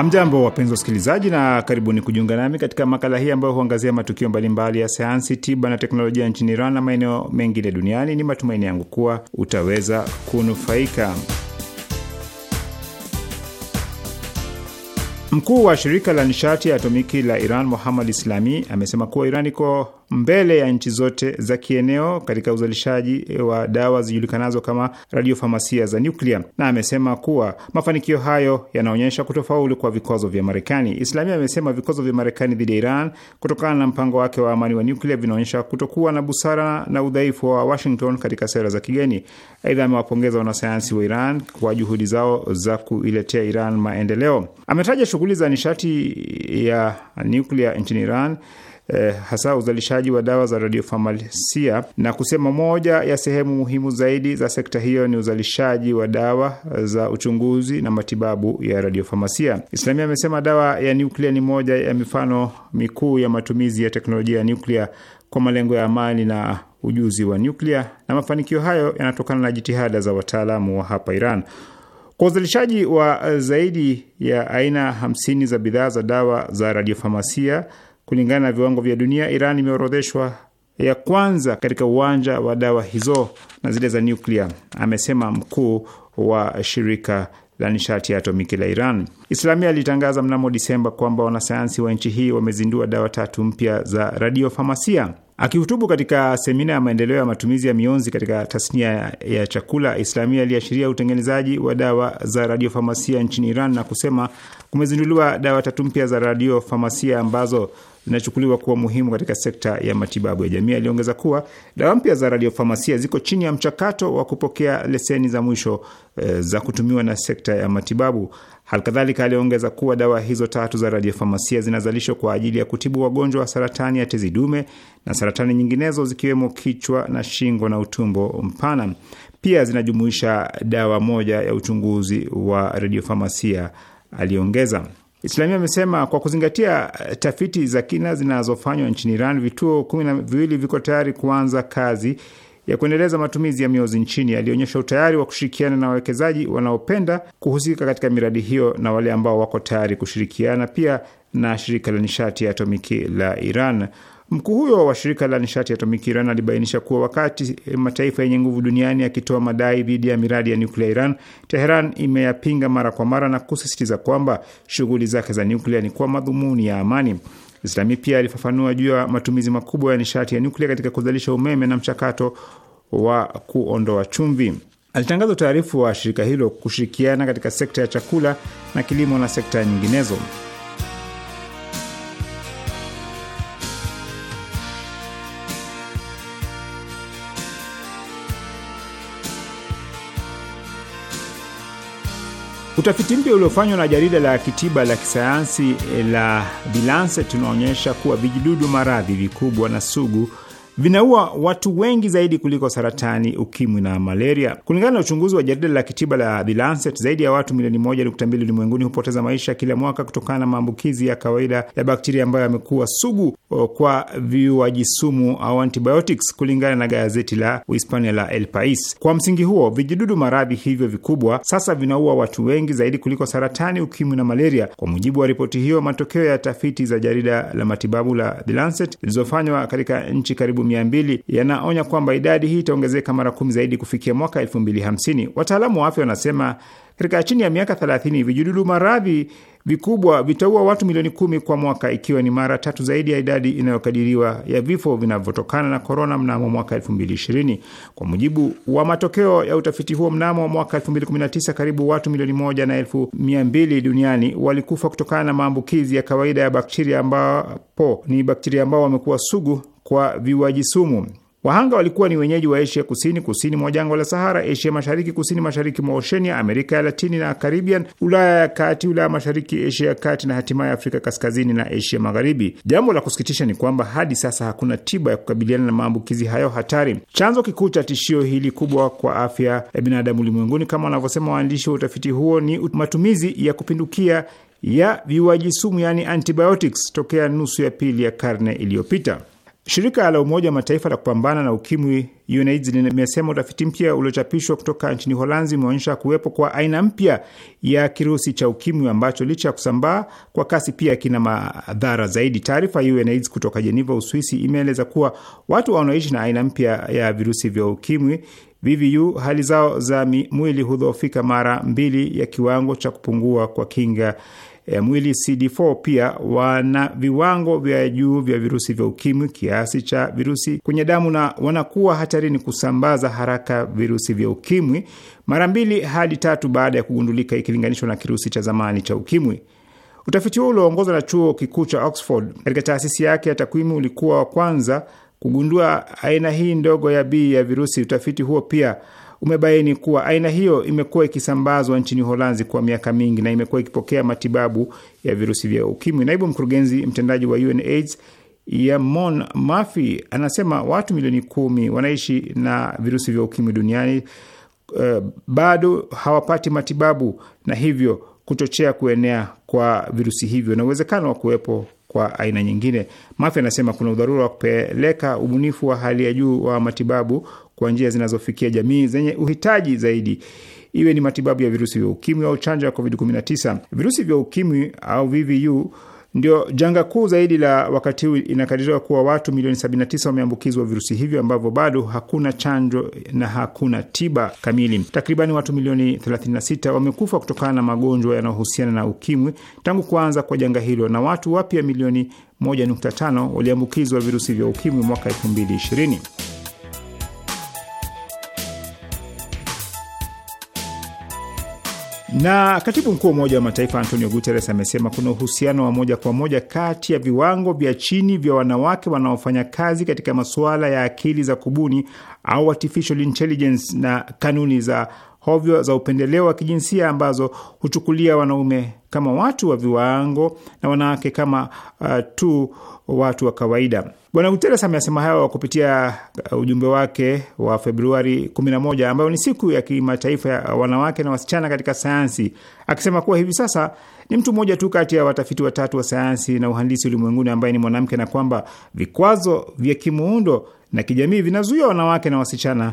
Amjambo, wapenzi wasikilizaji, na karibuni kujiunga nami katika makala hii ambayo huangazia matukio mbalimbali mbali ya sayansi, tiba na teknolojia nchini Iran na maeneo mengine duniani. Ni matumaini yangu kuwa utaweza kunufaika. Mkuu wa shirika la nishati ya atomiki la Iran Muhammad Islami amesema kuwa Iran iko mbele ya nchi zote za kieneo katika uzalishaji e, wa dawa zijulikanazo kama radiofamasia za nyuklia, na amesema kuwa mafanikio hayo yanaonyesha kutofaulu kwa vikwazo vya Marekani. Islamia amesema vikwazo vya Marekani dhidi ya Iran kutokana na mpango wake wa amani wa nyuklia vinaonyesha kutokuwa na busara na udhaifu wa Washington katika sera za kigeni. Aidha, amewapongeza wanasayansi wa Iran kwa juhudi zao za kuiletea Iran maendeleo. Ametaja shughuli za nishati ya nyuklia nchini Iran eh, hasa uzalishaji wa dawa za radiofamasia na kusema moja ya sehemu muhimu zaidi za sekta hiyo ni uzalishaji wa dawa za uchunguzi na matibabu ya radiofamasia. Islamia amesema dawa ya nuklia ni moja ya mifano mikuu ya matumizi ya teknolojia ya nuklia kwa malengo ya amani na ujuzi wa nuklia, na mafanikio hayo yanatokana na jitihada za wataalamu wa hapa Iran. Kwa uzalishaji wa zaidi ya aina hamsini za bidhaa za dawa za radiofamasia Kulingana na viwango vya dunia, Iran imeorodheshwa ya kwanza katika uwanja wa dawa hizo na zile za nyuklia, amesema mkuu wa shirika la nishati ya atomiki la Iran. Islamia alitangaza mnamo Disemba kwamba wanasayansi wa nchi hii wamezindua dawa tatu mpya za radiofarmasia. Akihutubu katika semina ya maendeleo ya matumizi ya mionzi katika tasnia ya chakula, Islamia aliashiria utengenezaji wa dawa za radiofarmasia nchini Iran na kusema kumezinduliwa dawa tatu mpya za radiofarmasia ambazo zinachukuliwa kuwa muhimu katika sekta ya matibabu ya jamii. Aliongeza kuwa dawa mpya za radiofamasia ziko chini ya mchakato wa kupokea leseni za mwisho e, za kutumiwa na sekta ya matibabu. Halikadhalika, aliongeza kuwa dawa hizo tatu za radiofamasia zinazalishwa kwa ajili ya kutibu wagonjwa wa saratani ya tezi dume na saratani nyinginezo zikiwemo kichwa na shingo na utumbo mpana. Pia zinajumuisha dawa moja ya uchunguzi wa radiofamasia, aliongeza. Islamia amesema kwa kuzingatia eh, tafiti za kina zinazofanywa nchini Iran, vituo kumi na viwili viko tayari kuanza kazi ya kuendeleza matumizi ya miozi nchini. Alionyesha utayari wa kushirikiana na wawekezaji wanaopenda kuhusika katika miradi hiyo na wale ambao wako tayari kushirikiana pia na shirika la nishati ya atomiki la Iran. Mkuu huyo wa shirika la nishati ya atomiki Iran alibainisha kuwa wakati eh, mataifa yenye nguvu duniani yakitoa madai dhidi ya miradi ya nyuklia Iran, Teheran imeyapinga mara kwa mara na kusisitiza kwamba shughuli zake za nyuklia ni kwa madhumuni ya amani. Islami pia alifafanua juu ya matumizi makubwa ya nishati ya nyuklia katika kuzalisha umeme na mchakato wa kuondoa chumvi. Alitangaza utaarifu wa shirika hilo kushirikiana katika sekta ya chakula na kilimo na sekta nyinginezo. Utafiti mpya uliofanywa na jarida la kitiba la kisayansi eh, la The Lancet unaonyesha kuwa vijidudu maradhi vikubwa na sugu vinaua watu wengi zaidi kuliko saratani, ukimwi na malaria. Kulingana na uchunguzi wa jarida la kitiba la The Lancet, zaidi ya watu milioni moja nukta mbili ulimwenguni hupoteza maisha kila mwaka kutokana na maambukizi ya kawaida ya bakteria ambayo yamekuwa sugu kwa viuaji sumu au antibiotics, kulingana na gazeti la Uhispania la El Pais. Kwa msingi huo, vijidudu maradhi hivyo vikubwa sasa vinaua watu wengi zaidi kuliko saratani, ukimwi na malaria, kwa mujibu wa ripoti hiyo. Matokeo ya tafiti za jarida la matibabu la The Lancet zilizofanywa katika nchi karibu mia mbili yanaonya kwamba idadi hii itaongezeka mara kumi zaidi kufikia mwaka elfu mbili hamsini. Wataalamu wa afya wanasema katika chini ya miaka thelathini vijidudu maradhi vikubwa vitaua watu milioni kumi kwa mwaka, ikiwa ni mara tatu zaidi ya idadi inayokadiriwa ya vifo vinavyotokana na korona mnamo mwaka elfu mbili ishirini. Kwa mujibu wa matokeo ya utafiti huo, mnamo mwaka elfu mbili kumi na tisa karibu watu milioni moja na elfu mia mbili duniani walikufa kutokana na maambukizi ya kawaida ya bakteria, ambapo ni bakteria ambao wamekuwa sugu kwa viwaji sumu. Wahanga walikuwa ni wenyeji wa Asia Kusini, kusini mwa jangwa la Sahara, Asia Mashariki, kusini mashariki mwa Oshenia, Amerika ya Latini na Karibian, Ulaya ya Kati, Ulaya Mashariki, Asia ya Kati na hatimaye Afrika Kaskazini na Asia Magharibi. Jambo la kusikitisha ni kwamba hadi sasa hakuna tiba ya kukabiliana na maambukizi hayo hatari. Chanzo kikuu cha tishio hili kubwa kwa afya ya binadamu ulimwenguni, kama wanavyosema waandishi wa utafiti huo, ni matumizi ya kupindukia ya viwaji sumu, yani antibiotics, tokea nusu ya pili ya karne iliyopita. Shirika la Umoja wa Mataifa la kupambana na ukimwi UNAIDS limesema utafiti mpya uliochapishwa kutoka nchini Holanzi umeonyesha kuwepo kwa aina mpya ya kirusi cha ukimwi ambacho licha ya kusambaa kwa kasi pia kina madhara zaidi. Taarifa ya UNAIDS kutoka Jeneva, Uswisi, imeeleza kuwa watu wanaoishi na aina mpya ya virusi vya ukimwi VVU hali zao za mwili hudhoofika mara mbili ya kiwango cha kupungua kwa kinga E, mwili CD4 pia wana viwango vya juu vya virusi vya ukimwi, kiasi cha virusi kwenye damu, na wanakuwa hatarini kusambaza haraka virusi vya ukimwi mara mbili hadi tatu baada ya kugundulika ikilinganishwa na kirusi cha zamani cha ukimwi. Utafiti huo ulioongozwa na chuo kikuu cha Oxford katika taasisi yake ya takwimu ulikuwa wa kwanza kugundua aina hii ndogo ya B ya virusi. Utafiti huo pia umebaini kuwa aina hiyo imekuwa ikisambazwa nchini Uholanzi kwa miaka mingi na imekuwa ikipokea matibabu ya virusi vya ukimwi. Naibu mkurugenzi mtendaji wa UNAIDS Yamon Mafi anasema watu milioni kumi wanaishi na virusi vya ukimwi duniani uh, bado hawapati matibabu na hivyo kuchochea kuenea kwa virusi hivyo na uwezekano wa kuwepo kwa aina nyingine. Mafya anasema kuna udharura wa kupeleka ubunifu wa hali ya juu wa matibabu kwa njia zinazofikia jamii zenye uhitaji zaidi, iwe ni matibabu ya virusi vya ukimwi au chanjo ya COVID-19. Virusi vya ukimwi au VVU ndio janga kuu zaidi la wakati huu. Inakadiriwa kuwa watu milioni 79 wameambukizwa virusi hivyo ambavyo bado hakuna chanjo na hakuna tiba kamili. Takribani watu milioni 36 wamekufa kutokana na magonjwa yanayohusiana na ukimwi tangu kuanza kwa janga hilo, na watu wapya milioni 1.5 waliambukizwa virusi vya ukimwi mwaka 2020. Na katibu mkuu wa Umoja wa Mataifa Antonio Guterres amesema kuna uhusiano wa moja kwa moja kati ya viwango vya chini vya wanawake wanaofanya kazi katika masuala ya akili za kubuni au artificial intelligence na kanuni za hovyo za upendeleo wa kijinsia ambazo huchukulia wanaume kama watu wa viwango na wanawake kama uh, tu watu wa kawaida. Bwana Guteres amesema hayo kupitia uh, ujumbe wake wa Februari 11 ambayo ni siku ya kimataifa ya wanawake na wasichana katika sayansi, akisema kuwa hivi sasa ni mtu mmoja tu kati ya watafiti watatu wa sayansi na uhandisi ulimwenguni ambaye ni mwanamke, na kwamba vikwazo vya kimuundo na kijamii vinazuia wanawake na wasichana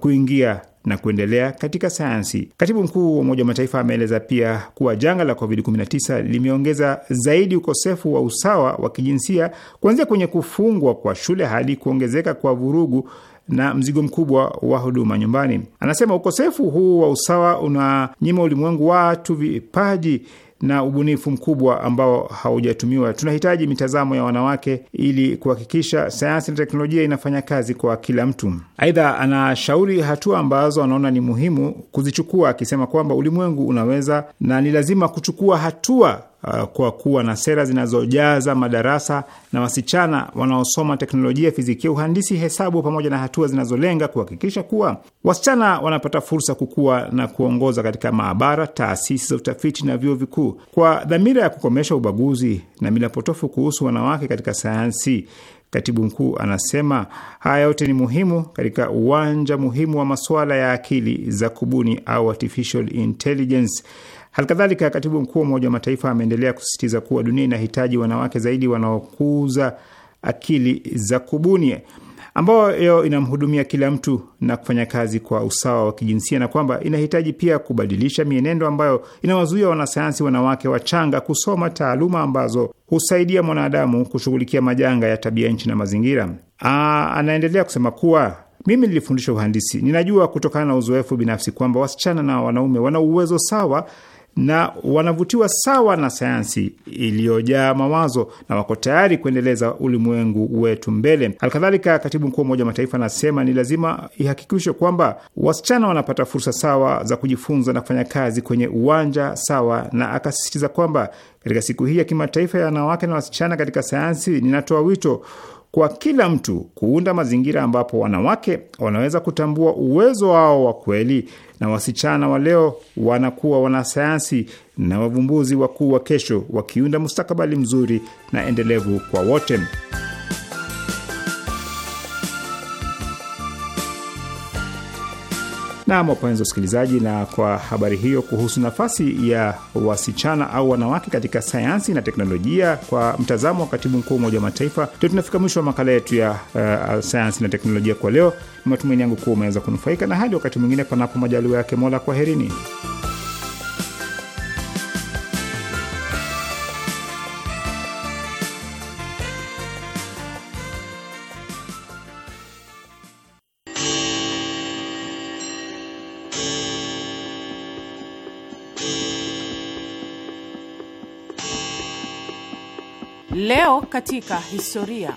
kuingia na kuendelea katika sayansi. Katibu mkuu wa Umoja wa Mataifa ameeleza pia kuwa janga la COVID-19 limeongeza zaidi ukosefu wa usawa wa kijinsia, kuanzia kwenye kufungwa kwa shule hadi kuongezeka kwa vurugu na mzigo mkubwa wa huduma nyumbani. Anasema ukosefu huu wa usawa unanyima ulimwengu watu vipaji na ubunifu mkubwa ambao haujatumiwa. Tunahitaji mitazamo ya wanawake ili kuhakikisha sayansi na teknolojia inafanya kazi kwa kila mtu. Aidha, anashauri hatua ambazo anaona ni muhimu kuzichukua, akisema kwamba ulimwengu unaweza na ni lazima kuchukua hatua Uh, kwa kuwa na sera zinazojaza madarasa na wasichana wanaosoma teknolojia, fizikia, uhandisi, hesabu, pamoja na hatua zinazolenga kuhakikisha kuwa wasichana wanapata fursa kukua na kuongoza katika maabara, taasisi za utafiti na vyuo vikuu, kwa dhamira ya kukomesha ubaguzi na mila potofu kuhusu wanawake katika sayansi. Katibu mkuu anasema haya yote ni muhimu katika uwanja muhimu wa masuala ya akili za kubuni au artificial intelligence Halikadhalika, katibu mkuu wa Umoja wa Mataifa ameendelea kusisitiza kuwa dunia inahitaji wanawake zaidi wanaokuza akili za kubuni ambayo inamhudumia kila mtu na kufanya kazi kwa usawa wa kijinsia na kwamba inahitaji pia kubadilisha mienendo ambayo inawazuia wanasayansi wanawake wachanga kusoma taaluma ambazo husaidia mwanadamu kushughulikia majanga ya tabia nchi na mazingira. Aa, anaendelea kusema kuwa mimi nilifundisha uhandisi, ninajua kutokana na uzoefu binafsi kwamba wasichana na wanaume wana uwezo sawa na wanavutiwa sawa na sayansi iliyojaa mawazo na wako tayari kuendeleza ulimwengu wetu mbele. Halikadhalika, katibu mkuu wa Umoja wa Mataifa anasema ni lazima ihakikishwe kwamba wasichana wanapata fursa sawa za kujifunza na kufanya kazi kwenye uwanja sawa, na akasisitiza kwamba katika siku hii ya kimataifa ya wanawake na wasichana katika sayansi, ninatoa wito kwa kila mtu kuunda mazingira ambapo wanawake wanaweza kutambua uwezo wao wa kweli na wasichana wa leo wanakuwa wanasayansi na wavumbuzi wakuu wa kesho, wakiunda mustakabali mzuri na endelevu kwa wote. Naam, wapenzi wasikilizaji, na kwa habari hiyo kuhusu nafasi ya wasichana au wanawake katika sayansi na teknolojia kwa mtazamo wa katibu mkuu wa Umoja wa Mataifa, ndio tunafika mwisho wa makala yetu ya uh, sayansi na teknolojia kwa leo. Matumaini yangu kuwa umeweza kunufaika, na hadi wakati mwingine, panapo majaliwa yake Mola, kwaherini. Leo katika historia.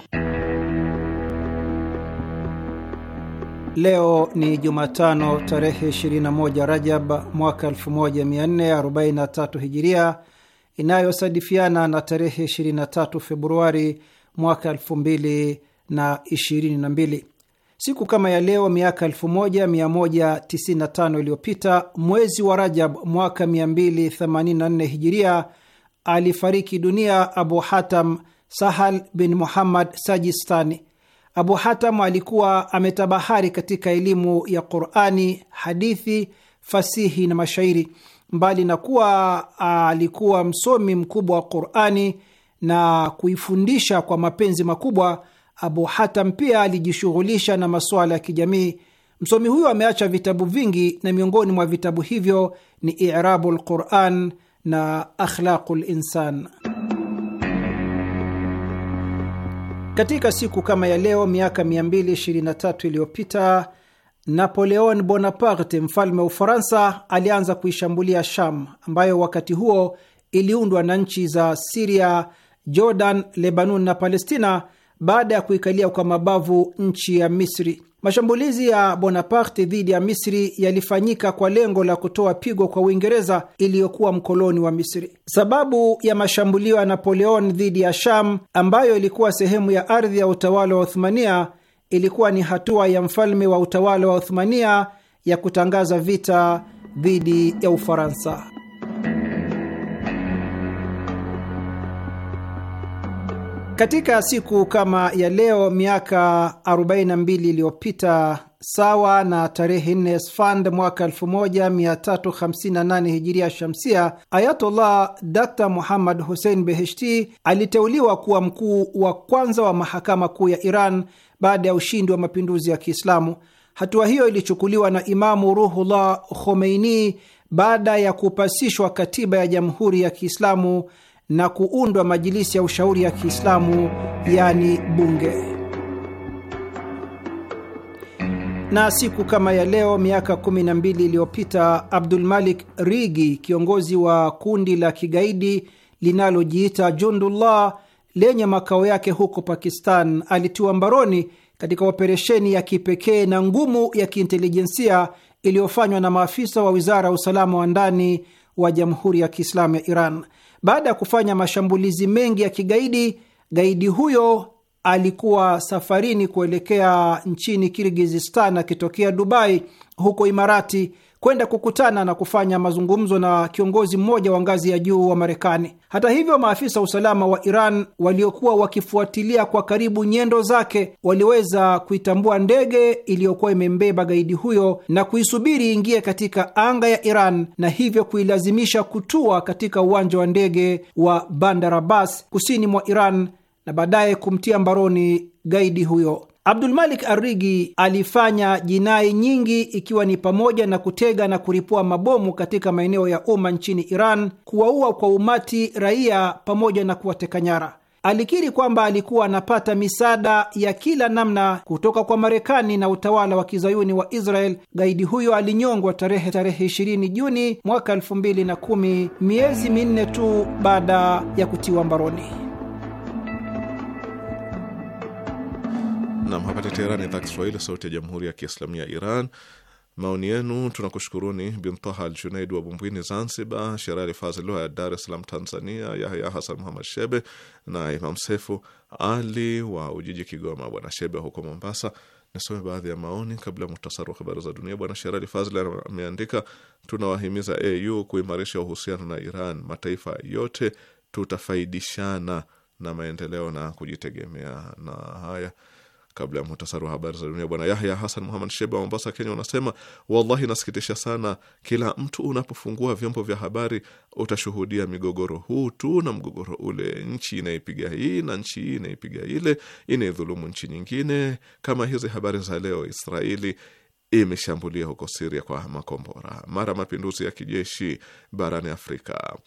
Leo ni Jumatano tarehe 21 Rajab mwaka 1443 Hijiria, inayosadifiana na tarehe 23 Februari mwaka 2022. Siku kama ya leo miaka 1195 iliyopita, mwezi wa Rajab mwaka 284 Hijiria alifariki dunia Abu Hatam Sahal bin Muhammad Sajistani. Abu Hatam alikuwa ametabahari katika elimu ya Qurani, hadithi, fasihi na mashairi. Mbali na kuwa alikuwa msomi mkubwa wa Qurani na kuifundisha kwa mapenzi makubwa, Abu Hatam pia alijishughulisha na masuala ya kijamii. Msomi huyo ameacha vitabu vingi na miongoni mwa vitabu hivyo ni Irabu lquran na akhlaqul insan. Katika siku kama ya leo miaka 223 iliyopita Napoleon Bonaparte, mfalme wa Ufaransa, alianza kuishambulia Sham ambayo wakati huo iliundwa na nchi za Siria, Jordan, Lebanon na Palestina baada ya kuikalia kwa mabavu nchi ya Misri. Mashambulizi ya Bonaparte dhidi ya Misri yalifanyika kwa lengo la kutoa pigo kwa Uingereza iliyokuwa mkoloni wa Misri. Sababu ya mashambulio ya Napoleon dhidi ya Sham, ambayo ilikuwa sehemu ya ardhi ya utawala wa Uthmania, ilikuwa ni hatua ya mfalme wa utawala wa Uthmania ya kutangaza vita dhidi ya Ufaransa. Katika siku kama ya leo miaka 42 iliyopita sawa na tarehe 4 Sfand mwaka 1358 hijiria shamsia, Ayatollah Dr Muhammad Hussein Beheshti aliteuliwa kuwa mkuu wa kwanza wa mahakama kuu ya Iran baada ya ushindi wa mapinduzi ya Kiislamu. Hatua hiyo ilichukuliwa na Imamu Ruhullah Khomeini baada ya kupasishwa katiba ya Jamhuri ya Kiislamu na kuundwa majilisi ya ushauri ya Kiislamu, yani bunge. Na siku kama ya leo miaka 12 iliyopita Abdulmalik Rigi, kiongozi wa kundi la kigaidi linalojiita Jundullah lenye makao yake huko Pakistan, alitiwa mbaroni katika operesheni ya kipekee na ngumu ya kiintelijensia iliyofanywa na maafisa wa wizara ya usalama wa ndani wa Jamhuri ya Kiislamu ya Iran. Baada ya kufanya mashambulizi mengi ya kigaidi, gaidi huyo alikuwa safarini kuelekea nchini Kirgizistan akitokea Dubai huko Imarati kwenda kukutana na kufanya mazungumzo na kiongozi mmoja wa ngazi ya juu wa Marekani. Hata hivyo, maafisa usalama wa Iran waliokuwa wakifuatilia kwa karibu nyendo zake waliweza kuitambua ndege iliyokuwa imembeba gaidi huyo na kuisubiri ingie katika anga ya Iran na hivyo kuilazimisha kutua katika uwanja wa ndege wa Bandar Abbas kusini mwa Iran na baadaye kumtia mbaroni gaidi huyo. Abdulmalik Arrigi alifanya jinai nyingi ikiwa ni pamoja na kutega na kuripua mabomu katika maeneo ya umma nchini Iran, kuwaua kwa umati raia pamoja na kuwateka nyara. Alikiri kwamba alikuwa anapata misaada ya kila namna kutoka kwa Marekani na utawala wa kizayuni wa Israel. Gaidi huyo alinyongwa tarehe tarehe 20 Juni mwaka 2010, miezi minne tu baada ya kutiwa mbaroni. Nam, hapa ni Teherani, idhaa Kiswahili, sauti ya jamhuri ya kiislamu ya Iran. Maoni yenu tunakushukuruni. Bintaha al Junaid wa Bumbwini, Zanzibar, Sherali Fazil wa Dar es Salaam, Tanzania, Yahya Hasan Muhamad Shebe na Imam Sefu Ali wa Ujiji, Kigoma, Bwana Shebe huko Mombasa. Nisome baadhi ya maoni kabla ya muhtasari wa habari za dunia. Bwana Sherali Fazil ameandika, tunawahimiza AU kuimarisha uhusiano na Iran. Mataifa yote tutafaidishana na maendeleo na kujitegemea. Na haya Kabla ya muhtasari wa habari za dunia, bwana Yahya Hasan Muhamad Shebe wa Mombasa, Kenya, unasema wallahi, nasikitisha sana, kila mtu unapofungua vyombo vya habari utashuhudia migogoro huu tu na mgogoro ule, nchi inaipiga hii na nchi hii inaipiga ile, inaidhulumu nchi nyingine, kama hizi habari za leo, Israeli imeshambulia huko Siria kwa makombora mara mapinduzi ya kijeshi barani Afrika.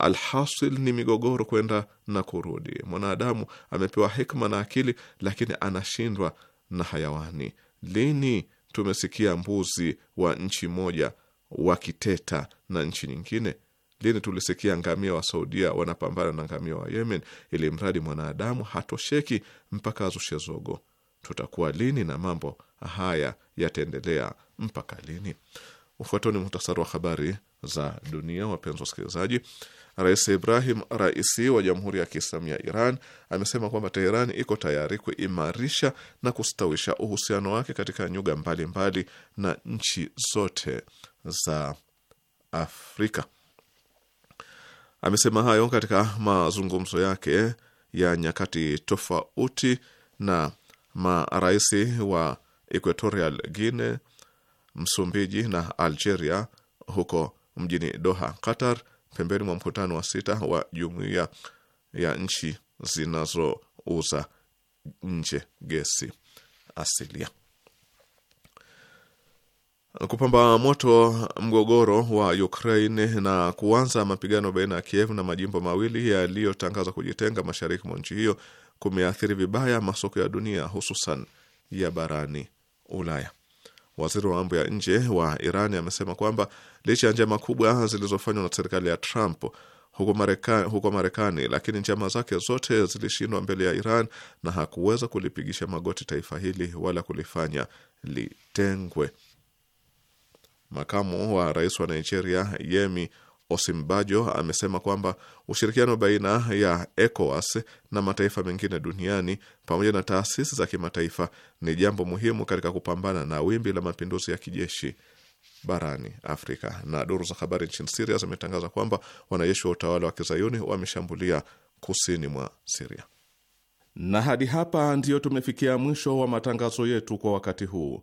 Alhasil ni migogoro kwenda na kurudi. Mwanadamu amepewa hekima na akili, lakini anashindwa na hayawani. Lini tumesikia mbuzi wa nchi moja wakiteta na nchi nyingine? Lini tulisikia ngamia wa Saudia wanapambana na ngamia wa Yemen? Ili mradi mwanadamu hatosheki mpaka azushe zogo. Tutakuwa lini na mambo haya yataendelea mpaka lini? Ufuatao ni muhtasari wa habari za dunia. Wapenzi wasikilizaji, Rais Ibrahim Raisi wa Jamhuri ya Kiislamu ya Iran amesema kwamba Teheran iko tayari kuimarisha na kustawisha uhusiano wake katika nyuga mbalimbali mbali na nchi zote za Afrika. Amesema hayo katika mazungumzo yake ya nyakati tofauti na marais wa Equatorial Guinea, Msumbiji na Algeria huko mjini Doha, Qatar, pembeni mwa mkutano wa sita wa jumuiya ya nchi zinazouza nje gesi asilia kupamba moto mgogoro wa Ukraine na kuanza mapigano baina ya Kiev na majimbo mawili yaliyotangaza kujitenga mashariki mwa nchi hiyo kumeathiri vibaya masoko ya dunia hususan ya barani Ulaya. Waziri wa mambo ya nje wa Iran amesema kwamba licha ya njama kubwa zilizofanywa na serikali ya Trump huko Marekani, huko Marekani, lakini njama zake zote zilishindwa mbele ya Iran na hakuweza kulipigisha magoti taifa hili wala kulifanya litengwe. Makamu wa rais wa Nigeria Yemi Osinbajo amesema kwamba ushirikiano baina ya ECOWAS na mataifa mengine duniani pamoja na taasisi za kimataifa ni jambo muhimu katika kupambana na wimbi la mapinduzi ya kijeshi barani Afrika. Na duru za habari nchini Siria zimetangaza kwamba wanajeshi wa utawala wa kizayuni wameshambulia kusini mwa Siria. Na hadi hapa ndiyo tumefikia mwisho wa matangazo yetu kwa wakati huu.